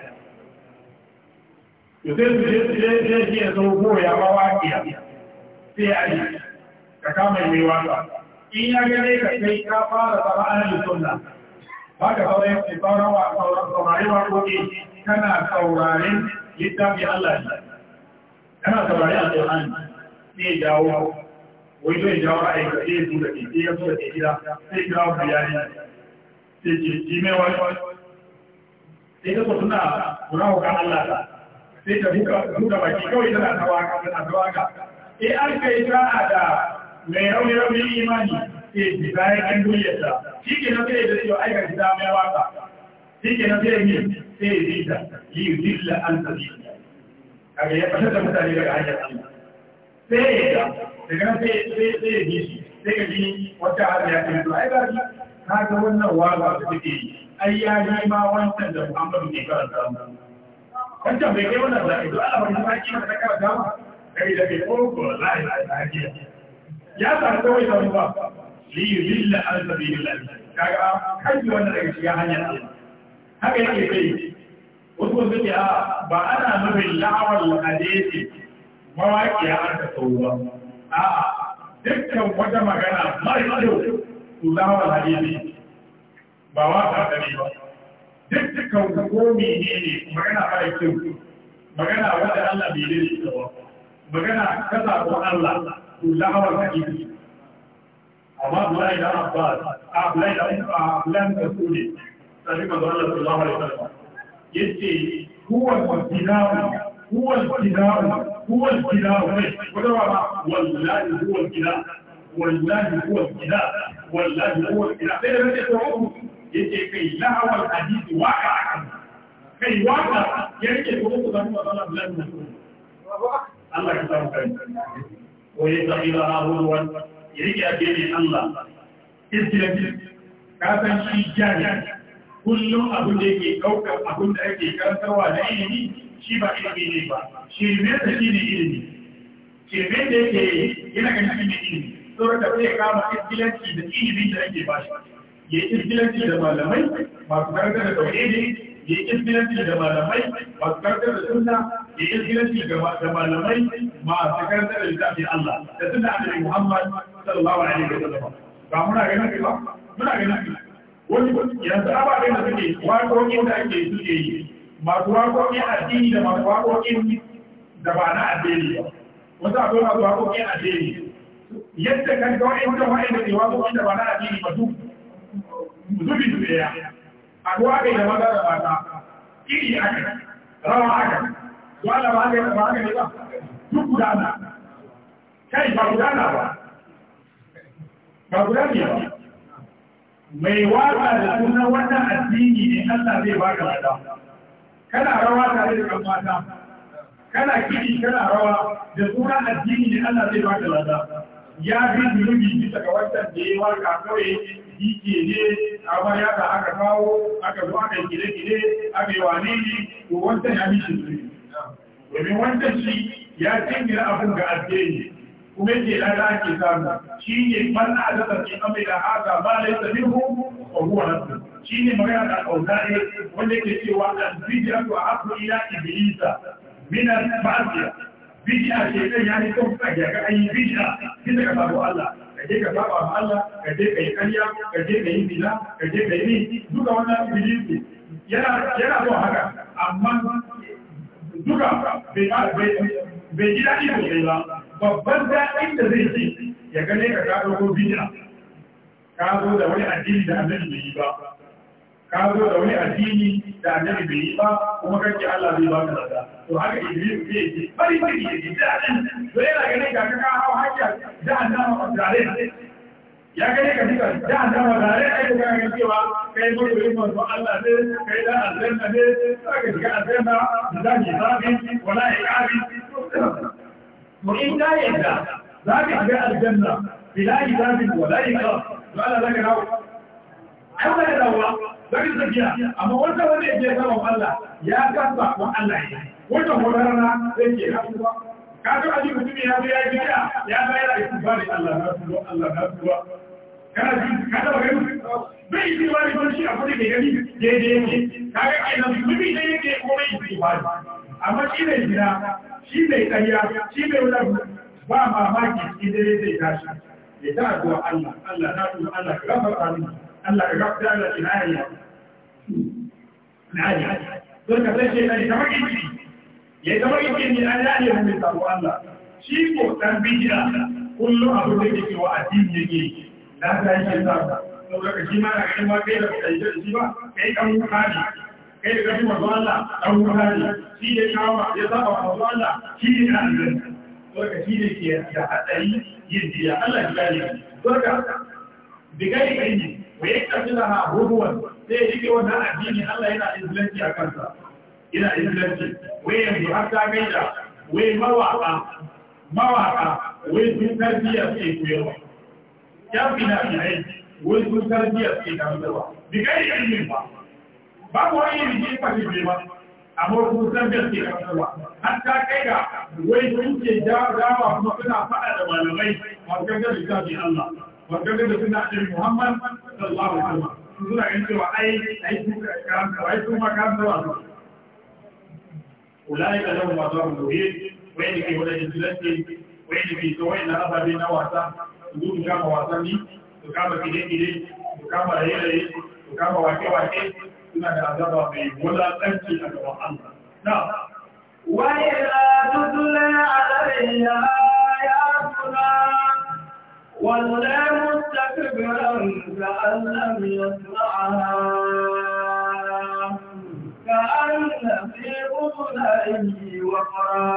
S1: to sai su je su je je ya zo goya ba wa mawaƙiya sai a yi ka kama mai wata in ya gane ka kai ka fara tsara ana yi sunna ba da sauran ke saurari waƙoƙi kana saurarin littafin Allah ne kana saurari alƙur'ani ne jawo wai zai jawo ra'ayi ka ɗaya su da ke ya su da ke gida sai wa sai sai ka suna Allah ta sai ka buka baki kawai tana tawaka tana an kai sa'a da mai rauni rauni imani sai ji bayan an shi ke nan sai da wa aika shi dama ya waka shi ke nan sai yin sai ya zita yi zilla an tafi kaga ya fasar da mutane daga hanyar Allah sai ya ga daga nan sai sai ya ji shi sai ka ji wata har ya ce to ai ga shi ka ga wannan waka da take yi ai ya yi ma wancan da Muhammadu ke karanta mu wancan bai kai wannan da ido Allah bai saki mata ta karanta ba kai da kai ko ko la ilaha illa ya oh, san kawai da ba liyuzilla an sabilillah kaga kaji wannan daga cikin hanyar Allah haka yake kai wasu wasu ke a ba ana nufin la'awar hadisi mawaƙiya an ta tsohuwa a dukkan wata magana mara kyau su la'awar hadisi ba waka ta ne ba dukkan komi ne ne magana mara kyau magana wadda Allah bai da shi ba magana kasa ko Allah su la'awar hadisi amma Abdullahi da Abbas Abdullahi da Abdullahi da Kudi sai manzo Allah sallallahu alaihi wasallam yace huwa al-dina'u huwa al-dina'u huwa al-dina'u wadawa wallahi huwa al-dina'u wallahi huwa al-dina'u wallahi huwa al-dina'u sai da yake ko yace kai lahawal hadith waqa kai waqa yake ko ko da manzo Allah sallallahu alaihi wasallam Allah ya samu kai ko yace ila hawal ya rike addinin Allah izgilanci ka san shi jari kullum abin da yake ɗaukar abin da ake karantarwa da ilimi shi ba ilimi ne ba shirme da shi ne ilimi shirme da yake yana ganin shi ne ilimi sauran da zai kama izgilanci da ilimi da ake ba shi ya yi izgilanci da malamai masu karantar da tauhidi ya yi izgilanci da malamai masu karantar da sunna ke izgiranci da malamai masu karanta da littafin Allah da suna annabi Muhammad sallallahu alaihi wa sallam ba muna ganin ba muna ganin wani yanzu ababen da suke waƙoƙin da ake suke yi masu waƙoƙin addini da masu waƙoƙin da ba na addini ba wasu akwai masu waƙoƙin addini yadda kan ga wa'in da wa'in da ke waƙoƙin da ba na addini ba su zubi su ɗaya a waƙai da maza da mata iri aka rawa aka wala ba ga ba ba duk gudana kai ba gudana ba ba gudana ba mai waka da sunan wannan addini ne Allah zai baka lada kana rawa tare da kan mata kana kidi kana rawa da sunan addini ne Allah zai baka lada ya bi zunubi bisa ga wancan da ya waka kawai dike ne amma ya da aka kawo aka zo aka gine-gine aka yi wane ne ko wancan ya bi zunubi domin wanda shi ya jingina abin ga addini kuma yake lada ake samu shi ne manna a zata ce amai da haka ba da yasa min hu wa huwa nasu shi ne magana da kaunare wanda yake cewa al-bid'a wa haqqu ila iblisa min al-ma'siya bid'a ce kan yayi ko ka ga ayi bid'a kin daga babu Allah ka je ka saba ma Allah kaje ka kariya kaje kai bila ka yi ni duka wannan iblisi yana yana zuwa haka amma duka bai gida ido sai ba babban daɗin da zai ce ya gane ka ka ɗauko bid'a ka zo da wani addini da annabi bai yi ba ka zo da wani addini da annabi bai yi ba kuma kake Allah zai ba baka lada to haka Idris ke yi bari bari ya ji da annabi to yana ganin ka ka hawo hajja da annabi da alai ya gani ka fita da an dama da rai kan cewa kai mutu yin manzo Allah ne kai da aljanna ne saka shiga aljanna da zaki zafi wala iqabi mu in da yadda zaki shiga aljanna bila iqabi wala iqab to Allah zaka rawo an zaka dawowa zaki tafiya amma wanda wanda yake sabon Allah ya kasa wa Allah ne rana horarana yake rafuwa ka ga ji mutumin ya zo ya ya ya ga ya yi da Allah na tuwa Allah na tuwa kana ji ka da wani bai yi ba ne shi a kudi da gani daidai yake ka ga ai na mutum ne yake komai yi ba amma shi ne gida shi ne tsariya shi ne wani ba mamaki shi dai zai tashi ya ta zuwa Allah Allah na tuwa Allah ka gafarta mini Allah ka gafarta Allah ina ya na ya don ka sai shi ne kamar kici ya zama yake ne an yare mu mai sabo Allah shi ko dan bidiya kullum abu da yake wa addini yake na ta yi yake sa saboda ka shi ma na ganin ma kai da kai da shi ba kai dan mutane kai da kafin manzo Allah dan mutane shi ne kawa ya saba manzo Allah shi ne dan zai saboda shi ne ke da hadari yin diya Allah ya gane saboda bigai kai ne wa yakta filaha abubuwan sai ya yake wannan addini Allah yana influence a kansa ina islanci wai yanzu har ta gaida wai mawaka mawaka wai sun tarbiyyar ke koyarwa ya fi na fiye wai sun tarbiyyar ke karantarwa da kai ilimin ba ba ku wani ilimin ke fashe bai ba amma sun tarbiyyar ke karantarwa har ta kai ga wai sun ke dama kuma suna faɗa da malamai masu gangar da shafi Allah masu gangar da suna ɗari Muhammad sallallahu alaihi wasallam suna yin cewa ai ai sun karantarwa ai sun makarantarwa أولئك لهم عذاب مهين وإن في ولا يزلتي وإن في سواء أبا بين واسا تقول كما واسني تكما كده كده تكما هيلة تكما واكي واكي سنة عذاب في مولا تنسي أن الله نعم
S2: وإذا
S1: تتلى عليه آياتنا ولا مستكبرا كأن لم يسمعها كأن في أذنيه وقرا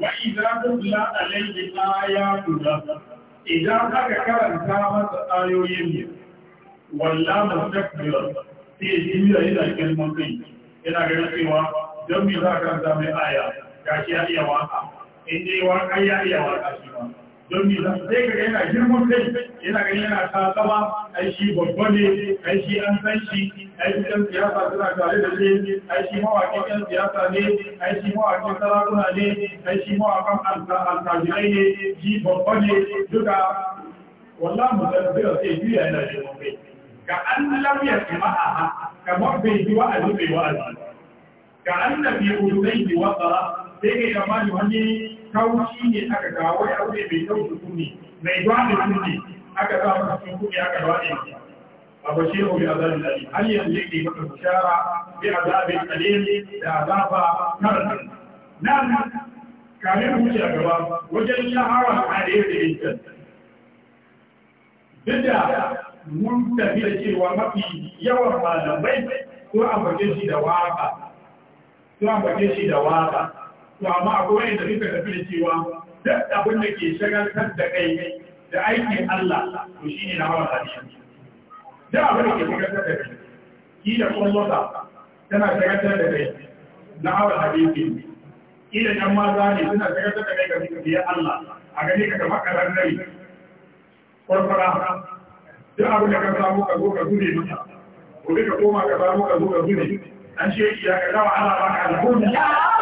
S1: وإذا تتلى عليه آياتنا إذا ذكر كانت آيوين ولا مستكبرا في جميع إلى الكلمة ina ganin cewa don me za ka zama aya ga shi ya iya waka in dai waka ya iya waka shi ma don bi sai ka yana girman kai yana ga yana ta gaba ai shi babba ne ai shi an san shi ai shi ɗan siyasa suna tare da shi ai shi mawaƙin ɗan siyasa ne ai shi mawaƙin sarakuna ne ai shi mawaƙan alkajirai ne shi babba ne duka wallah mu san zai sai biya yana girman kai ka an lafiya jama'a kamar bai ji wa'azi bai wa'azi ka an lafiya usai ji wasara sai kai zamani wani kauci ne aka kawo ya wuce ne mai kauci kuni mai gwada kuni aka sa masa cikin kuni aka gwada yanzu abu shi ko bi azabin alim Har yanzu yake maka bishara bi azabin alim da azaba karan nan kamin mu ci a gaba wajen shahara a da yake yin can duk da mun tafi da cewa mafi yawan malamai ko ambace shi da waka ko ambace shi da waka to amma akwai wani da suka tafi da cewa duk abin da ke shagaltar da kai da aikin Allah to ne na hawa hadisi da abin da ke shagaltar da kai kila kullota tana shagaltar da kai na hawa hadisi kila yan maza ne suna shagaltar da kai ga biya Allah a gani ka kamar karar rai farfara duk abin da ka samu ka zo ka zure masa gobe ka koma ka samu ka zo ka zure an sheki ya ka dawa ana baka alhamdulillah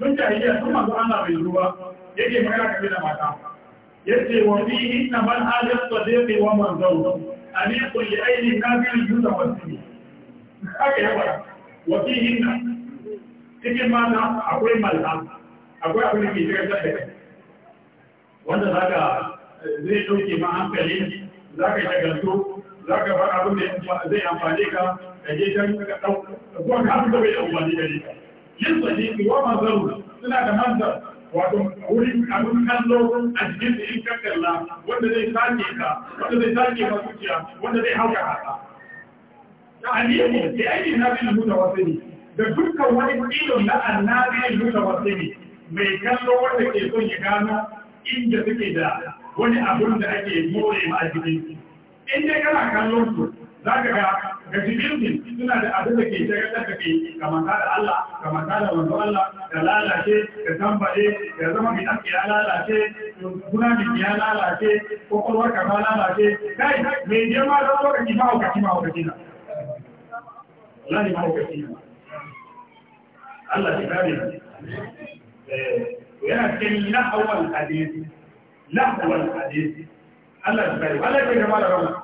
S1: duk jahiliya sun manzo Allah bai ruwa yake magana game da mata yace wa fihi na bal hajat sadiqi wa manzaw aniqu li ayni kafir yuza wasu sini haka yawa wa fihi na cikin mata akwai malha akwai abin da ke shigar da kai wanda ka zai dauke ma hankali zaka za ka bar abin da zai amfani ka ka je can ka ɗauka, ko ka haɗu da bai amfani da ka yin sadiki wa manzaru suna da manzar wato wurin abin kallo a cikin da in kakkalla wanda zai sake ka wanda zai sake ka zuciya wanda zai hauka haka da aliyu sai ainihin na bin mutu wasu ne da dukkan wani ilon na annabi mutu wasu ne mai kallo wanda ke son ya gano inda suke da wani abin da ake more ma a cikin in dai kana kallon su za ka ga ga jibilin suna da abin da ke shagaltar da ke kamanta da Allah kamanta da wanzu Allah da lalace da tambaye da zama mai ɗanki ya lalace suna mai ya lalace kwakwalwar ka ma lalace kai mai je ma zan zo ka ki ma hukaci ma hukaci na lani ma hukaci na Allah ya kare ni eh, yana cikin lahawar hadisi lahawar hadisi Allah ya kare wala ke da malamin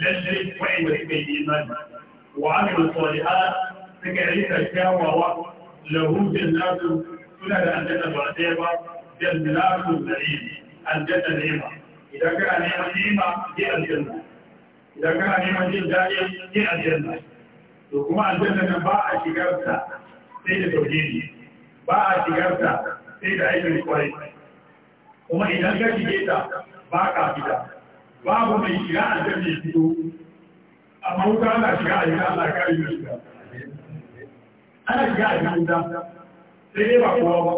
S1: lallai wa'inda suka yi imani wa amil salihat suka yi kyakkyawawa lahu jannatu suna da aljanna ba ɗaya ba jannatu na'im aljanna ni'ima idan kana neman ni'ima ji aljanna idan kana neman jin daɗi ji aljanna to kuma aljanna nan ba a shigarta sai da ne. ba a shigarta sai da aikin kwari kuma idan ka shige ta ba ka fita babu mai shiga a jan fito amma wuta ana shiga a gida ana kare da shiga ana shiga a gida wuta sai ne ba kowa ba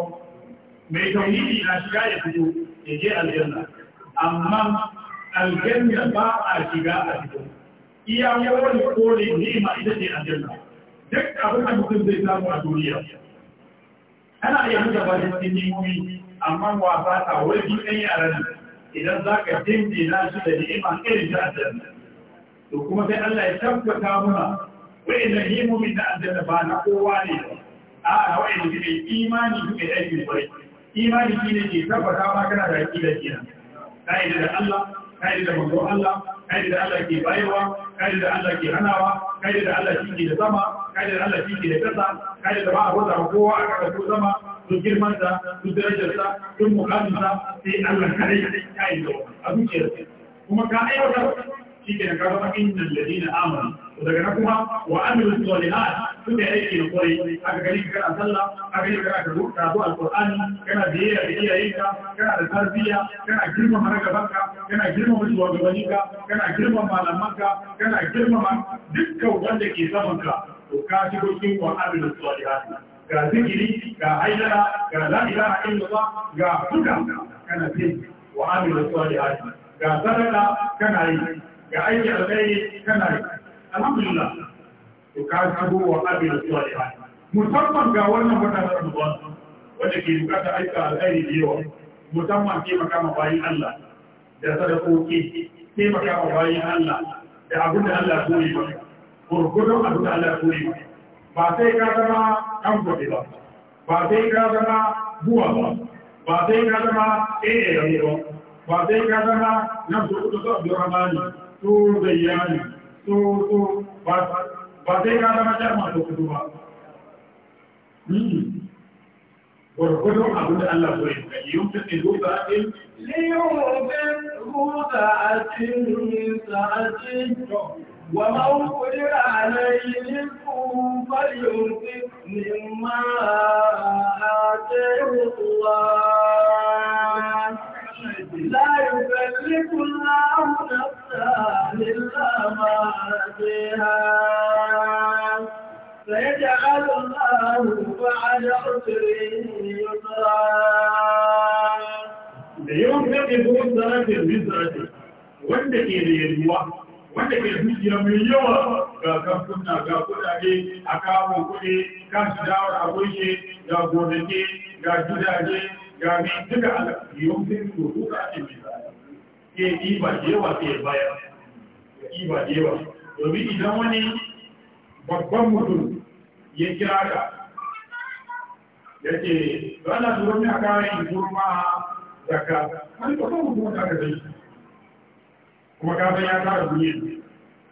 S1: mai tauhidi na shiga ya fito ya je aljanna amma aljanna ba a shiga a fito iya kone kore ma ita ce aljanna duk abin da mutum zai samu a duniya ana iya mutu ba cikin nemomi amma wasa ta wani a yaran idan za ka dindina shi da ni'ima irin ta aljanna to kuma sai Allah ya tabbata muna wa'inda himomin da aljanna ba na kowa ne ba a'a wa'inda suka yi imani suka yi aikin kwarai imani shi ne ke tabbata ma kana da aƙida kenan ka'ida da Allah ka'ida da manzo Allah ka'ida da Allah ke bayarwa ka'ida da Allah ke hanawa ka'ida da Allah shi ke da sama ka'ida da Allah shi ke da ƙasa ka'ida da ba a roza kowa a ƙarƙashin sama duk girman sa darajarsa, darajar sa sai Allah kare ya kai da a zuciyar kuma ka aiwata shi ke da karfa innal ladina amanu daga na kuma wa amilu salihat sun da aiki na kwarai aka gani ka kana sallah aka gani ka kana karatu alqur'ani kana biyayya da iyayenka kana da tarbiyya kana girma maragabanka kana girma mutuwa gabaninka kana girma malamanka kana girma dukkan wanda ke samanka to ka shigo cikin wa amilu salihat ga zikiri ga haidara ga la'ila a ilma ga duka kana ce wa amina tsari yi ga sadaka kana yi ga aiki alkhairi kana yi alhamdulillah to ka shigo wa amina tsari yi musamman ga wannan wata da ramadan wadda ke bukata aika alkhairi da yawa musamman ke makama bayan Allah da sadakoki ke makama bayan Allah da abin da Allah ya koyi ba, gurgudun abin da Allah ya koyi ba sai ka zama an kwaɗe ba ba sai ka zama buwa ba ba sai ka zama ɗaya da ba ba sai ka zama nan su kudu sau da ramani su zayyani su su ba sai ka zama jarma da kudu ba gwargwadon abin da Allah so yin kai yau take zo da ake yau take zo da ake sa'atin ومن قدر عليه رزقه فلينفق مما dukiya mai yawa ga kamfuna ga kudade a kawo kudi kan su dawar ga ga gidaje ga duka sai su kuka a cikin ke iba yawa ke bayar iba yawa domin idan wani babban mutum ya kira ka ya ce rana turma wani babban mutum aka kuma ya tara duniya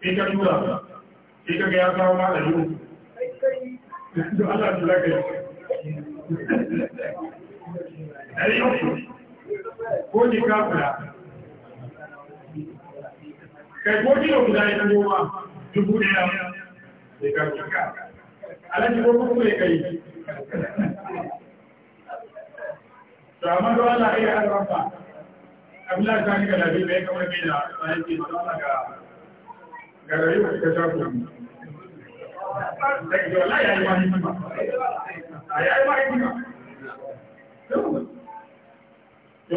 S1: in ka tura in ka ga ya kawo ma da yau da Allah tura ka dari uku ko ni kafira kai ko kilo guda ya kawo ma dubu ɗaya da ka tuka alaji ko kuma ya kai
S2: to amma don Allah ya yi alwafa abin da ka ga labi
S1: bai kamar bai da bayan ke don ga gàdàrí wà ṣe ṣáàpù ẹgbẹ̀rẹ̀ láyé àyíwá ní ìgbà àyíwá ìgbà yóò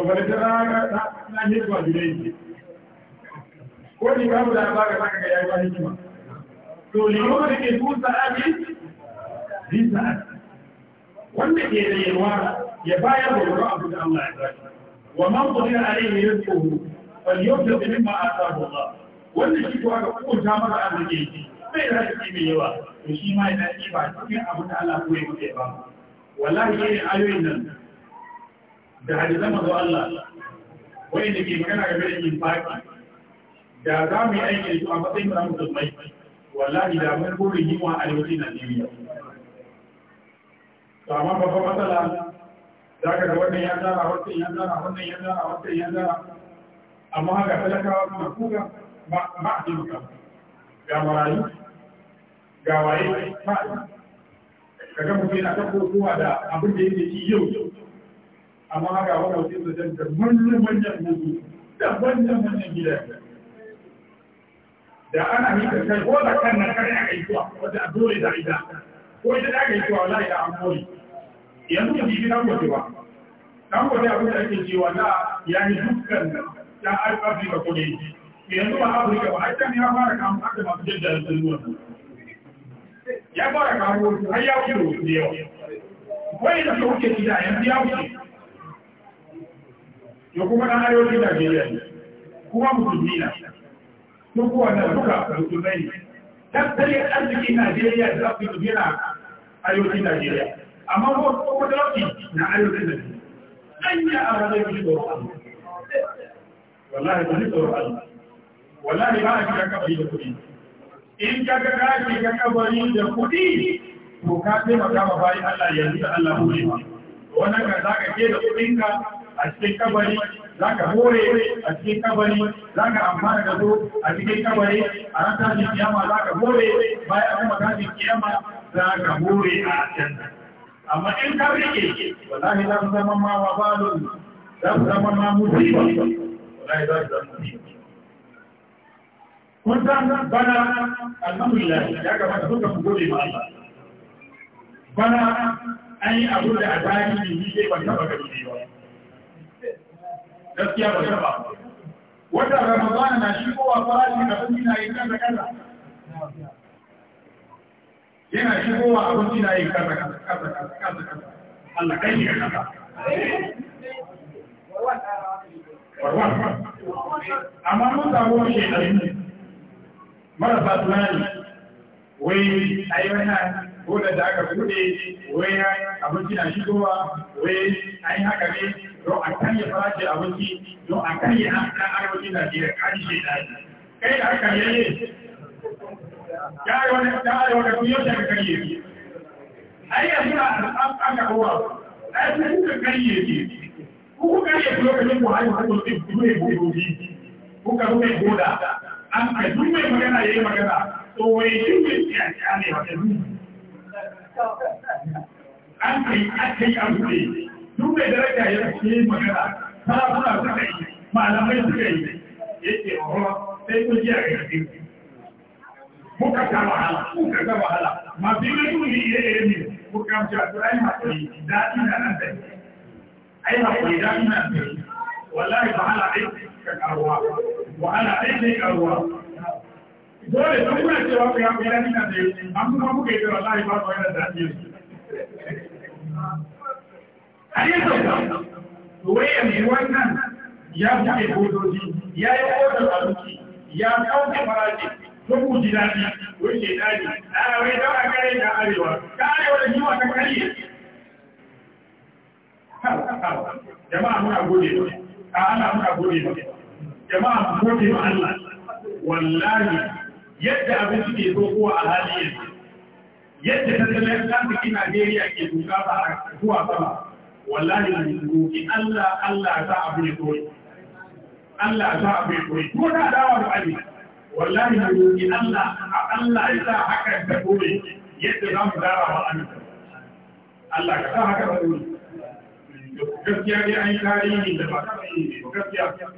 S1: bẹ̀rẹ̀ tẹ́lá náà ní ìgbà jùlọ ìgbà ko ni babu labarin haka ga yayi wani kima to limon da ke kun sa'adi bi sa'adi wanda ke da yalwa ya bayar da wani abu da Allah ya zaki wa man qadira alayhi rizquhu falyunfiq mimma ataahu Allah wanda shi kuwa ga hukunta masa arziki sai da shi mai yawa to shi ma yana ci ba cikin abin da Allah ko ya masa ba wallahi ne ayoyin nan da hadisan manzo Allah wanda ke magana game da infaki da za mu yi aiki da su a matsayin mu musulmai wallahi da mun burin yi wa arewacin Najeriya to amma babban matsala za ka ga wannan ya tsara wannan ya tsara wannan ya tsara wannan ya tsara amma haka talakawa suna kuka ba a taimaka ga marayu ga waye ba a kaga mutum yana kan kokowa da abin da yake ci yau amma haka wannan wajen da jan da manyan manyan mutu da manyan manyan gida da ana yi da kai ko da kan nan kare aka yi zuwa wanda a dole da ita ko ita da aka yi zuwa wallahi da an kore yanzu da bibi nan waje ba nan waje abin da ake cewa na ya yi dukkan ya alfafi da kudi yanzu ba afirka ba haifan ya fara kamun haka masu jaddada tsinuwar ya fara kamun har ya wuce da wasu da yawa wani da ka wuce gida yanzu ya wuce ya kuma ɗan arewacin najeriya ne kuma musulmi na sun kuwa na duka musulmai ne tattalin arzikin najeriya da zafi su gina arewacin najeriya amma kuma talauci na arewacin najeriya an yi a ranar bishin tsoron Allah wallahi ba ni tsoron Allah wallahi ba a shiga kabari da kuɗi in ka ga ka shiga kabari da kuɗi to ka taimaka ma bayan Allah yanzu da Allah hore ma wannan ka za ka ke da kuɗinka a cikin kabari za ka hore a cikin kabari za ka amfana da zo a cikin kabari a ran tashin kiyama za ka hore bayan kuma tashin kiyama za ka hore a aljanna amma in ka rike wallahi za su zama ma wabalun za su zama ma musiba wallahi za su zama musiba kun san bana alhamdulillah ya kamata duka ku gode ma Allah bana an yi abu da a tarihi ni dai ban taba gani ne ba gaskiya ba taba wata ramadan na shi kowa farashi da abinci na yi kaza kaza yana shi kowa abinci na yi kaza kaza kaza kaza Allah kai ya kaza amma mun samu shi ne marasa tunani wai a yi wannan bolar da aka bude wai abinci na shigowa wai a yi haka ne don a karya farashin abinci don a karya na na biyar kaji shi daji kai da aka yaye ya yi wani ta da kun yaushe aka yi ki ai yanzu na kowa ai yi kuka karye ki kuka karye ki lokacin ku haihu haihu zai buɗe buɗe buɗe kuka buɗe ku an ka duk mai magana ya yi magana to wai duk mai tsiyaki ne wata duk an kai yi aka yi abu ne duk mai daraja ya yi magana sarakuna suka yi malamai suka yi ya ce wa sai ku ji a gargaɗe muka ta wahala muka ga wahala masu yi wani tuni iya iya ne ko kamci a turai masu yi daɗi na nan da ai masu yi daɗi na nan da wallahi ba hala aiki ka karuwa wa ana aiki a ruwa dole sun kuna cewa ku ya ku yana nuna da yi an kuma kuka yi cewa lahi ba ku yana da ake yi a yi sauka waya mai wannan ya buɗe kodoji ya yi kodar abinci ya kauce farashi ko ku ji daɗi wani ke daɗi ɗara wai dawa kare da arewa ta arewa da jiwa ta karye jama'a muna gode ba ana muna gode ba jama'a ku gode ma Allah wallahi yadda abin ke zo kowa a hali yanzu yadda tattalin arziki Najeriya ke duka ba a zuwa sama wallahi na roki Allah Allah za a bude koyi Allah za a bude koyi ko da dawa da ali wallahi na roki Allah a Allah ya sa haka ta koyi yadda za mu dara wa amince Allah ka sa haka ba dole gaskiya dai an yi tarihi da ba ta yi gaskiya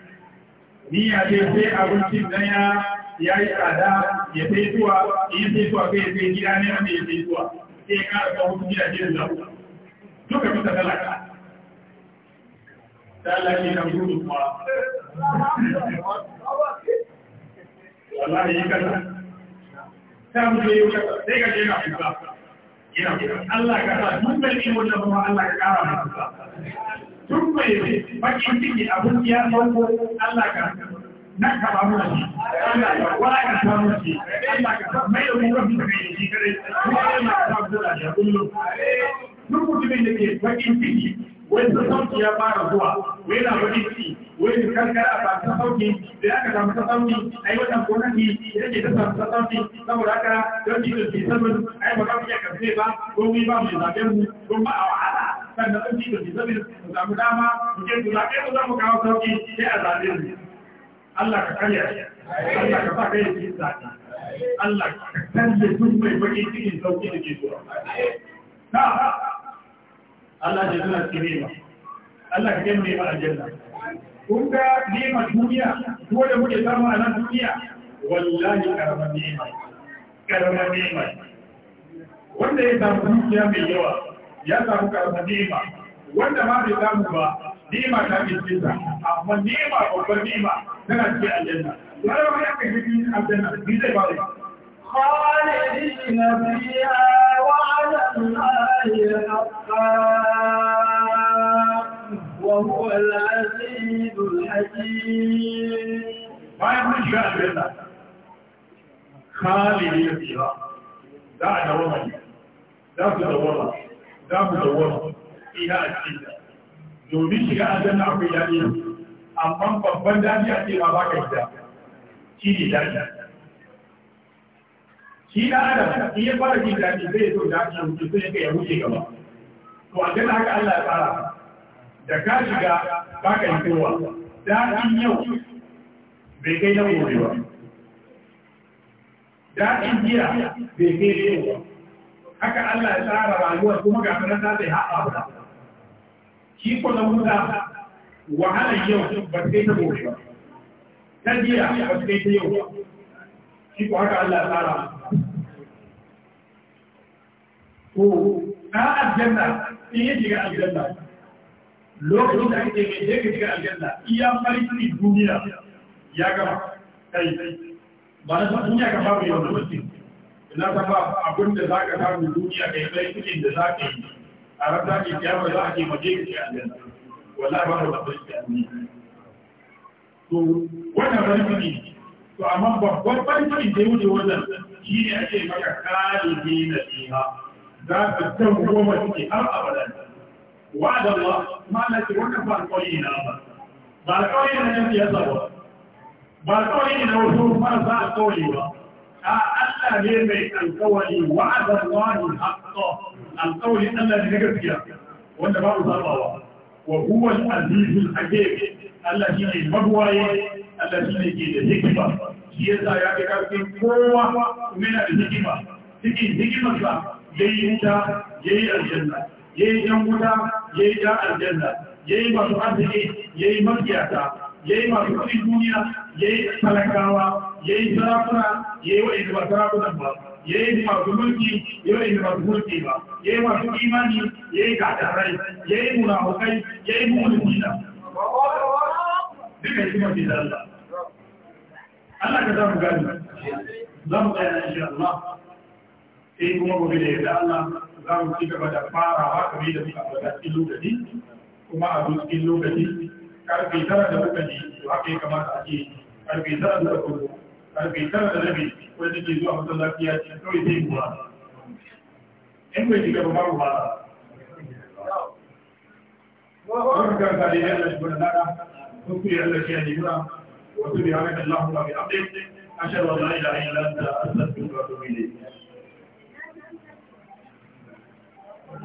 S1: ni ya ce sai abincin nan ya ya yi tsada ya sai zuwa in sai zuwa kai sai gida ne wanda ya sai zuwa sai ya kara kawo su gida jirin da duka duka talaka talaka ne na gudu kuma wallahi yi kasa ta mutu yi kasa sai ka je na kusa Allah ka sa dukkan da wajen kuma Allah ya kara masa sun mai bai bakin ciki abin ya sauko Allah ka na kama mu shi Allah ya wala ka ta mu shi Allah ka mai da mu rabbi ka yi shi kare kuma ka ta da ya kullu duk mutumin da ke bakin ciki wai sassauci ya fara zuwa wai na wani ci wai su kankara a samu sassauci da ya ka samu sassauci ai wannan gwamnati ya ke ta samu ta sassauci saboda haka don titin fi sabin ai ba kawai ya karfe ba ko wai ba mai zaɓen mu ko ba a wahala sannan don titin fi sabin mu samu dama mu ke su zaɓe mu zama kawo sauki sai a zaɓe mu Allah ka karya Allah ka sa kai cikin zaɓe Allah ka karya duk mai baƙin cikin sauki da ke zuwa. Allah ya zuna su nema Allah ka kemne ba aljanna kun ga nema duniya ko da muke samu a nan duniya wallahi karamar nema karamar nema wanda ya samu dukiya mai yawa ya samu karama nema wanda ma bai samu ba nema ta fi cinta amma nema babbar nema tana cikin aljanna. Wani wani aka yi cikin aljanna, ni zai ba خالدين فيها وعلى الله bayan shiga ya za a za su za ina a domin shiga akwai amma babban daɗi a ce ba ba ka gida shi ne shi da adam in ya fara jin daɗi zai so da aka wuce sai ka ya wuce gaba to a gana haka Allah ya fara da ka shiga ba ka yi kowa daɗin yau bai kai na gobe ba daɗin jiya bai kai da yau ba haka Allah ya tsara rayuwar kuma ga sanar ta zai haɓa ba shi ko na wuta wahalar yau ba kai ta gobe ba ta jiya ba kai ta yau ba shi ko haka Allah ya tsara to na aljanna in yi shiga aljanna lokacin da ake mai je ka shiga aljanna iya farki duniya ya gama kai ba na san duniya ka fara yau da mutum ina ta ba abin da za ka samu duniya ka yi farkin da za ka yi a rasa ne kiyama za a ke maje ka shiga aljanna wallahi ba da babban duniya. to wannan farki to amma babban farki da ya wuce wannan shi ne ake maka kare ne na fiha ذات التوبة في أرض أبدا وعد الله ما التي وكفى القويين أبدا بالقويين لم يصبوا بالقويين وصول فرصة القوي ألا يمي القولي وعد الله الحق القولي ألا نقصيا وأن بعض الله وهو العزيز الحكيم الذي المبوي الذي في الحكمة shi yasa ya ga karfin kowa yana da yayi wuta yayi aljanna yayi yan wuta yayi da aljanna yayi masu arziki yayi makiyata yayi masu kuɗin duniya yayi talakawa yayi sarakuna yayi wa'in ba sarakunan ba yayi masu mulki yayi masu mulki ba yayi masu imani yayi gadarai yayi munafukai yayi mu'minina duka shi mafi da Allah Allah ka za mu gani za mu tsaya insha Allah sai kuma gobe da Allah za mu ci gaba da farawa kamar da muka fara cikin lokaci kuma a cikin lokaci karfe tara da muka ji to haka ya kamata a ce karfe tara da kuma karfe tara da rabi wanda ke zuwa masallaci ya ce kawai zai in bai shiga ba ba Wani kan kare ya lashe wani nada, sun ya ya nemi wasu Allah kuma ne.